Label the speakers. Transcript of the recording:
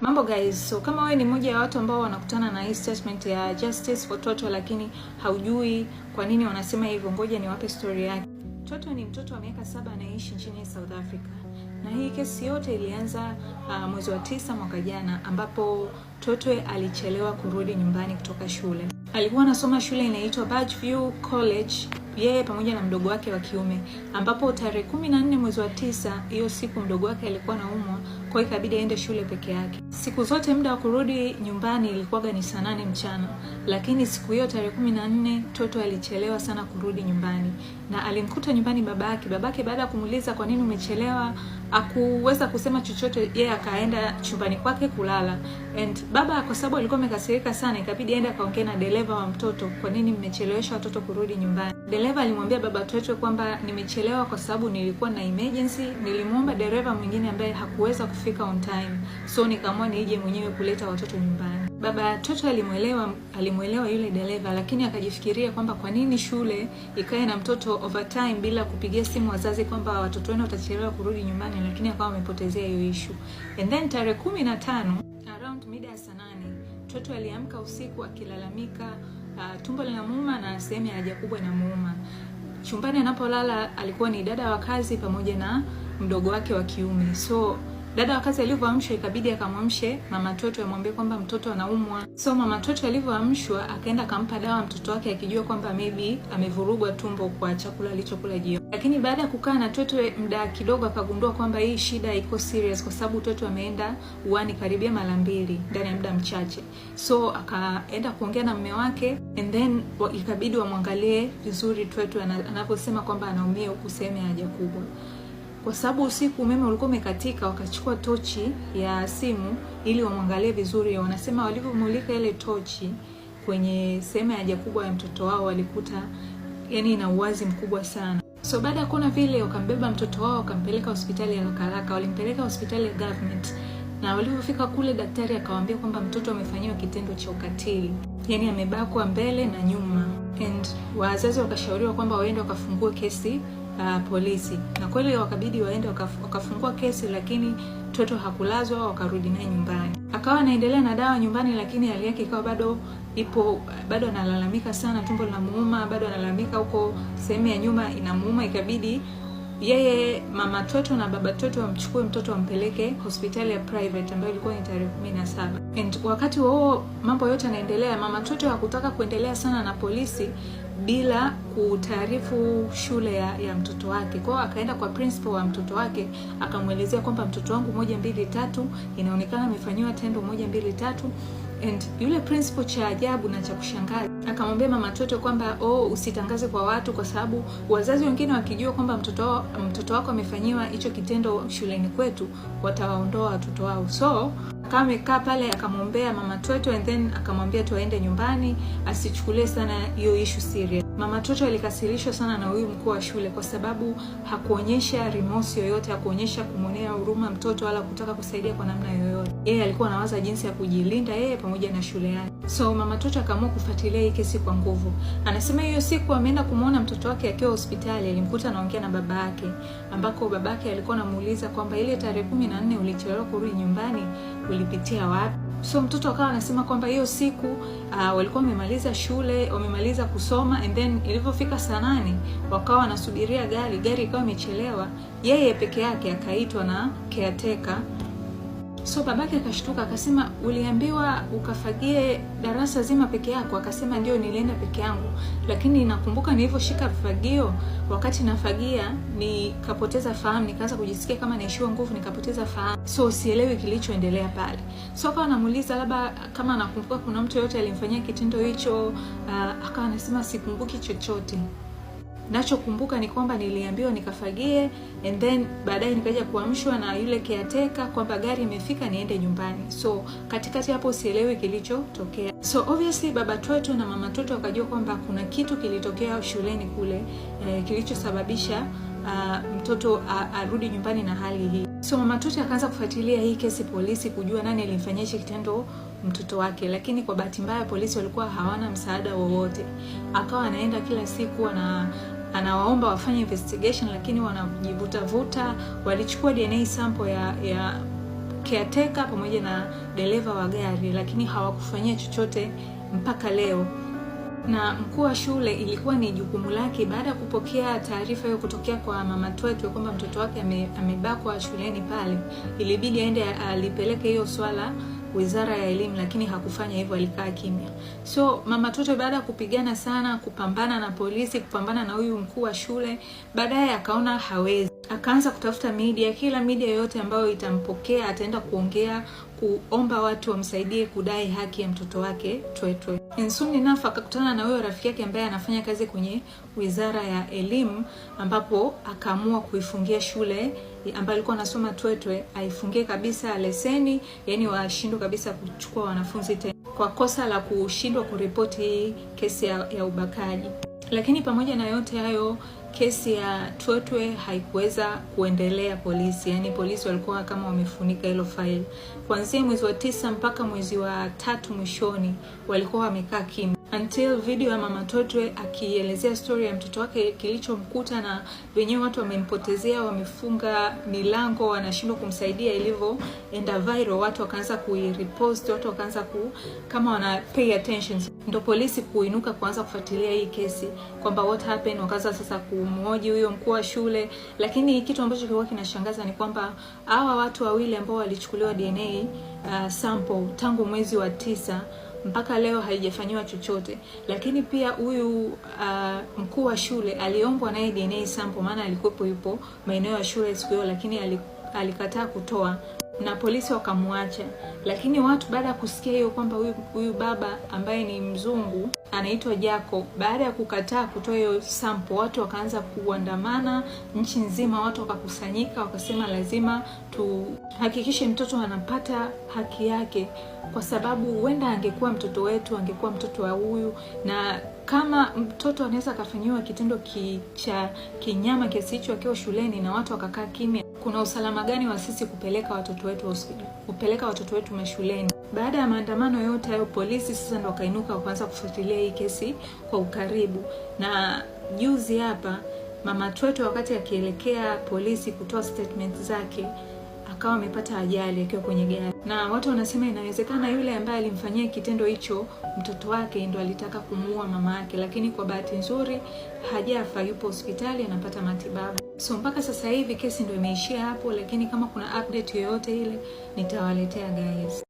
Speaker 1: Mambo guys, so kama wewe ni mmoja wa watu ambao wanakutana na hii statement ya justice for Toto, lakini haujui kwa nini wanasema hivyo, ngoja niwape story yake. Toto ni mtoto wa miaka saba anaishi nchini South Africa, na hii kesi yote ilianza uh, mwezi wa tisa mwaka jana, ambapo Toto alichelewa kurudi nyumbani kutoka shule. Alikuwa anasoma shule inaitwa Badgeview College yeye pamoja na mdogo wake wa kiume, ambapo tarehe kumi na nne mwezi wa tisa, hiyo siku mdogo wake alikuwa anaumwa kwa ikabidi aende shule peke yake. Siku zote muda wa kurudi nyumbani ilikuwaga ni saa nane mchana, lakini siku hiyo tarehe kumi na nne Toto alichelewa sana kurudi nyumbani na alimkuta nyumbani babake. Babake baada ya kumuuliza kwa nini umechelewa, akuweza kusema chochote, yeye yeah, akaenda chumbani kwake kulala. And baba kwa sababu alikuwa amekasirika sana, ikabidi aende akaongea na dereva wa mtoto, kwa nini mmechelewesha watoto kurudi nyumbani? Dereva alimwambia baba Toto kwamba nimechelewa kwa sababu nilikuwa na emergency. Nilimwomba dereva mwingine ambaye hakuweza kufika on time, so nikaamua niije mwenyewe kuleta watoto nyumbani. Baba watoto alimwelewa, alimwelewa yule dereva, lakini akajifikiria kwamba kwa nini shule ikae na mtoto overtime bila kupigia simu wazazi kwamba watoto wenu watachelewa kurudi nyumbani, lakini akawa amepotezea hiyo issue. And then tarehe kumi na tano around mida ya sanane toto aliamka usiku akilalamika, uh, tumbo lina muuma na sehemu ya haja kubwa muuma Chumbani anapolala alikuwa ni dada wa kazi pamoja na mdogo wake wa kiume so Dada wakati alivyoamshwa ikabidi akamwamshe mama toto amwambie kwamba mtoto anaumwa. So mama toto alivyoamshwa akaenda akampa dawa mtoto wake akijua kwamba maybe amevurugwa tumbo kwa chakula alichokula jioni. Lakini baada ya kukaa na toto muda kidogo akagundua kwamba hii shida iko serious kwa sababu toto ameenda uani karibia mara mbili ndani ya muda mchache. So akaenda kuongea na mume wake and then ikabidi wamwangalie vizuri toto anavyosema kwamba anaumia huku sehemu ya haja kubwa kwa sababu usiku umeme ulikuwa umekatika, wakachukua tochi ya simu ili wamwangalie vizuri. Wanasema walivyomulika ile tochi kwenye sehemu ya haja kubwa ya mtoto wao walikuta yani ina uwazi mkubwa sana. So baada ya kuona vile, wakambeba mtoto wao wakampeleka hospitali ya haraka. Walimpeleka hospitali ya government, na walivyofika kule, daktari akawaambia kwamba mtoto amefanyiwa kitendo cha ukatili, yani amebakwa mbele na nyuma, and wazazi wakashauriwa kwamba waende wakafungue kesi uh, polisi, na kweli wakabidi waende wakafungua kesi, lakini mtoto hakulazwa wakarudi naye nyumbani. Akawa anaendelea na dawa nyumbani, lakini hali yake ikawa bado ipo, bado analalamika sana, tumbo linamuuma, bado analalamika huko sehemu ya nyuma inamuuma. Ikabidi yeye mama toto na baba toto wamchukue mtoto wampeleke hospitali ya private ambayo ilikuwa ni tarehe kumi na saba. And wakati huo mambo yote yanaendelea, mama toto hakutaka kuendelea sana na polisi, bila kutaarifu shule ya, ya mtoto wake. Kwa akaenda kwa principal wa mtoto wake akamwelezea kwamba mtoto wangu moja mbili tatu, inaonekana amefanyiwa tendo moja mbili tatu and yule principal, cha ajabu na cha kushangaza, akamwambia mama toto kwamba oh, usitangaze kwa watu, kwa sababu wazazi wengine wakijua kwamba mtoto mtoto wako amefanyiwa hicho kitendo shuleni kwetu watawaondoa watoto wao so Akawa amekaa pale akamwombea mama Toto and then akamwambia tuaende nyumbani, asichukulie sana hiyo ishu serious. Mama Toto alikasirishwa sana na huyu mkuu wa shule kwa sababu hakuonyesha remorse yoyote, hakuonyesha kumwonea huruma mtoto wala kutaka kusaidia kwa namna yoyote. Yeye alikuwa anawaza jinsi ya kujilinda yeye pamoja na shule yake. So mama Toto akaamua kufuatilia hii kesi kwa nguvu. Anasema hiyo siku ameenda kumwona mtoto wake akiwa hospitali, alimkuta anaongea na baba yake, ambako baba yake alikuwa anamuuliza kwamba ile tarehe 14 ulichelewa kurudi nyumbani ulipitia wapi? So mtoto akawa anasema kwamba hiyo siku uh, walikuwa wamemaliza shule wamemaliza kusoma, and then ilivyofika saa nane wakawa wanasubiria gari, gari ikawa imechelewa. Yeye peke yake akaitwa na caretaker So babake akashtuka akasema, uliambiwa ukafagie darasa zima peke yako? Akasema ndio, nilienda peke yangu, lakini nakumbuka nilivyoshika fagio, wakati nafagia nikapoteza fahamu, nikaanza kujisikia kama naishiwa nguvu, nikapoteza fahamu, so sielewi kilichoendelea pale. So akawa namuuliza labda kama anakumbuka kuna mtu yoyote alimfanyia kitendo hicho. Uh, akawa anasema sikumbuki chochote. Nachokumbuka ni kwamba niliambiwa nikafagie and then baadaye nikaja kuamshwa na yule kiateka kwamba gari imefika niende nyumbani. So katikati hapo sielewi kilichotokea. So obviously baba twetu na mama twetu wakajua kwamba kuna kitu kilitokea shuleni kule eh, kilichosababisha Uh, mtoto uh, arudi nyumbani na hali hii. So mama twetu akaanza kufuatilia hii kesi polisi kujua nani alimfanyisha kitendo mtoto wake, lakini kwa bahati mbaya polisi walikuwa hawana msaada wowote. Akawa anaenda kila siku ana anawaomba wafanye investigation, lakini wanajivutavuta. Walichukua DNA sample ya, ya caretaker pamoja na dereva wa gari, lakini hawakufanyia chochote mpaka leo na mkuu wa shule ilikuwa ni jukumu lake, baada ya kupokea taarifa hiyo kutokea kwa mama Twetwe kwamba mtoto wake amebakwa shuleni pale, ilibidi aende alipeleke hiyo swala wizara ya elimu, lakini hakufanya hivyo, alikaa kimya. So mama Toto baada ya kupigana sana, kupambana na polisi, kupambana na huyu mkuu wa shule, baadaye akaona hawezi akaanza kutafuta media, kila media yoyote ambayo itampokea ataenda kuongea, kuomba watu wamsaidie kudai haki ya mtoto wake Twetwe. Soon naf akakutana na huyo rafiki yake ambaye anafanya kazi kwenye Wizara ya Elimu, ambapo akaamua kuifungia shule ambayo alikuwa anasoma Twetwe, aifungie kabisa leseni, yani washindwa kabisa kuchukua wanafunzi tena, kwa kosa la kushindwa kuripoti hii kesi ya, ya ubakaji. Lakini pamoja na yote hayo, kesi ya Twetwe haikuweza kuendelea polisi, yaani polisi walikuwa kama wamefunika hilo faili. Kuanzia mwezi wa tisa mpaka mwezi wa tatu mwishoni, walikuwa wamekaa kimya until video ya mama Totwe akielezea story ya mtoto wake kilichomkuta, na wenyewe watu wamempotezea, wamefunga milango, wanashindwa kumsaidia, ilivyoenda viral, watu wakaanza kuirepost, watu wakaanza ku kama wana pay attention, ndo polisi kuinuka kuanza kufuatilia hii kesi kwamba what happened, wakaanza sasa kumhoji huyo mkuu wa shule. Lakini kitu ambacho kilikuwa kinashangaza ni kwamba hawa watu wawili ambao walichukuliwa DNA uh, sample tangu mwezi wa tisa mpaka leo haijafanyiwa chochote. Lakini pia huyu uh, mkuu wa shule aliombwa naye DNA sample, maana alikuwepo yupo maeneo ya shule siku hiyo, lakini alikataa kutoa na polisi wakamwacha. Lakini watu baada ya kusikia hiyo kwamba huyu baba ambaye ni mzungu anaitwa Jacob. Baada ya kukataa kutoa hiyo sample, watu wakaanza kuandamana nchi nzima, watu wakakusanyika, wakasema lazima tuhakikishe mtoto anapata haki yake, kwa sababu huenda angekuwa mtoto wetu, angekuwa mtoto wa huyu, na kama mtoto anaweza akafanyiwa kitendo ki cha kinyama kiasi hicho akiwa shuleni na watu wakakaa kimya kuna usalama gani wa sisi kupeleka watoto wetu kupeleka watoto wetu mashuleni? Baada ya maandamano yote hayo, polisi sasa ndo wakainuka kuanza kufuatilia hii kesi kwa ukaribu, na juzi hapa mama Tweto wakati akielekea polisi kutoa statement zake akawa amepata ajali akiwa kwenye gari, na watu wanasema inawezekana yule ambaye alimfanyia kitendo hicho mtoto wake ndo alitaka kumuua mama yake, lakini kwa bahati nzuri hajafa, yupo hospitali anapata matibabu. So mpaka sasa hivi kesi ndio imeishia hapo, lakini kama kuna update yoyote ile nitawaletea guys.